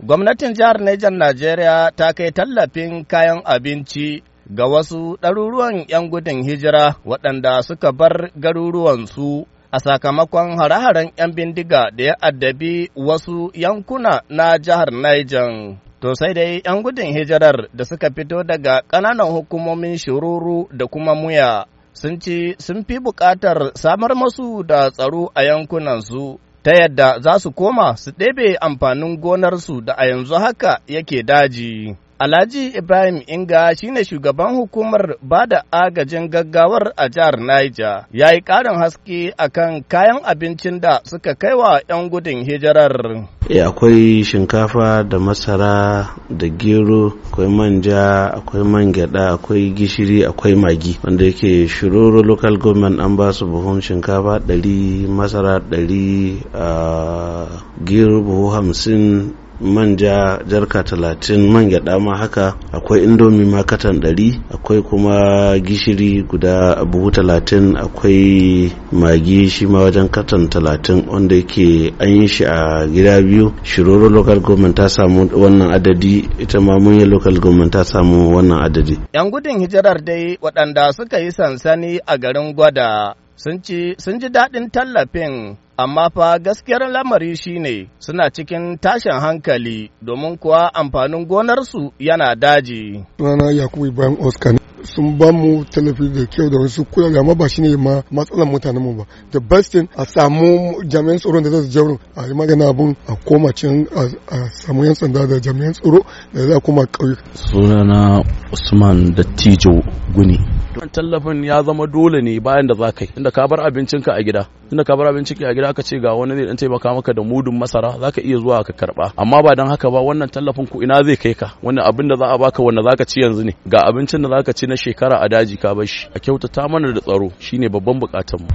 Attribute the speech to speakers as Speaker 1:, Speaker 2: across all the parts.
Speaker 1: Gwamnatin jihar Nijar Najeriya ta kai tallafin kayan abinci ga wasu ɗaruruwan 'yan gudun hijira waɗanda suka bar garuruwansu a sakamakon hare-haren 'yan bindiga da ya addabi wasu yankuna na jihar Nijar. To sai dai 'yan gudun hijirar da suka fito daga ƙananan hukumomin shiruru da kuma muya sun ci sun fi buƙatar samar masu da tsaro a yankunansu. ta yadda za su koma su ɗebe amfanin gonarsu da a yanzu haka yake daji. Alhaji Ibrahim Inga shine shugaban hukumar ba da agajin gaggawar a jihar Niger ya yi ƙarin haske akan kayan abincin da suka kai wa 'yan gudun hijirar.
Speaker 2: E akwai shinkafa da masara da gero, akwai manja, akwai man gyada, akwai gishiri, akwai magi wanda yake shiroro local government an ba su buhun shinkafa ɗari masara ɗari uh, gero buhu hamsin manja jarka talatin man gyaɗa ma haka akwai indomi ma katan ɗari akwai kuma gishiri guda buhu talatin akwai magi shi ma wajen katan talatin wanda yake an yi shi a gida biyu shiroro local government ta samu wannan adadi ita ma mun yi local government ta samu wannan adadi
Speaker 1: yan gudun hijirar dai waɗanda suka yi sansani a garin gwada sun ji daɗin tallafin amma fa gaskiyar lamari shine suna cikin tashin hankali domin kuwa amfanin gonarsu yana daji.
Speaker 3: Sunana Yakubu Ibrahim Oscar sun ba mu tallafi da kyau da wasu kula amma ba shine ma matsalar mutanen mu ba the best thing a samu jami'an tsaro da zai jauro a yi magana abun a koma can a samu yan sanda da jami'an tsaro da za koma ƙauyuka
Speaker 4: sunana usman dattijo guni wannan tallafin ya zama dole ne bayan da za ka inda ka bar abincinka a gida inda ka bar abincinka a gida aka ce ga wani zai dan taimaka maka da mudun masara za ka iya zuwa ka karba amma ba dan haka ba wannan tallafin ku ina zai kai ka wannan abin da za a baka wanda za ka ci yanzu ne ga abincin da za ka ci na shekara a daji ka bar shi a kyautata mana da tsaro shine babban bukatun mu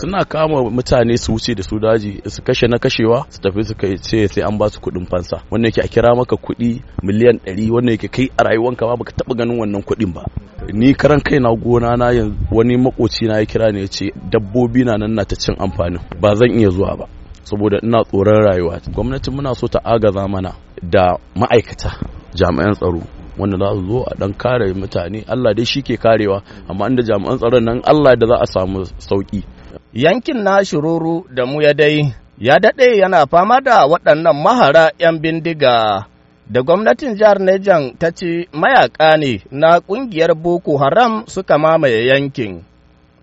Speaker 4: suna kama mutane su wuce da su daji su kashe na kashewa su tafi su kai ce sai an ba su kuɗin fansa wannan yake a kira maka kuɗi miliyan 100 wannan yake kai a rayuwanka ba baka taba ganin wannan kuɗin ba ni karan kaina gona na wani makoci na ya kira ne ya ce dabbobi na nan na ta cin amfanin ba zan iya zuwa ba saboda ina tsoron rayuwa gwamnati muna so ta agaza mana da ma'aikata jami'an tsaro wanda za su zo a dan kare mutane Allah dai shi ke karewa amma inda jami'an tsaron nan Allah da za a samu sauki yankin
Speaker 1: na shiroro da mu ya dai ya daɗe yana fama da waɗannan mahara 'yan bindiga da gwamnatin jihar Nejan ta ce mayaka ne na ƙungiyar Boko Haram suka mamaye yankin.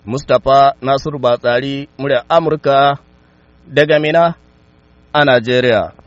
Speaker 1: Mustapha Nasiru Batsari, murya Amurka, daga Mina a Najeriya.